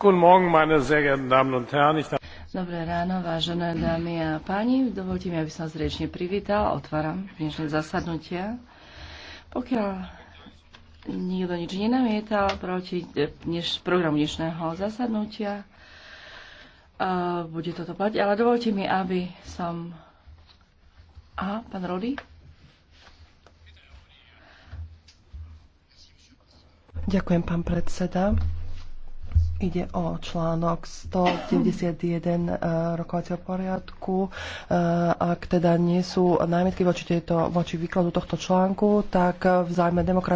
Dobré ráno, vážené dámy a páni. Dovolte mi, aby som zriečne privítal. Otváram dnešné zasadnutia. Pokiaľ nikto nič nenamietal proti eh, dneš, programu dnešného zasadnutia, bude toto platiť. Ale dovolte mi, aby som... Aha, pán Rody? Ďakujem, pán predseda. Ide o článok 191 eh, rokovacieho poriadku. Eh, ak teda nie sú námietky voči, tejto, voči výkladu tohto článku, tak v záujme demokracie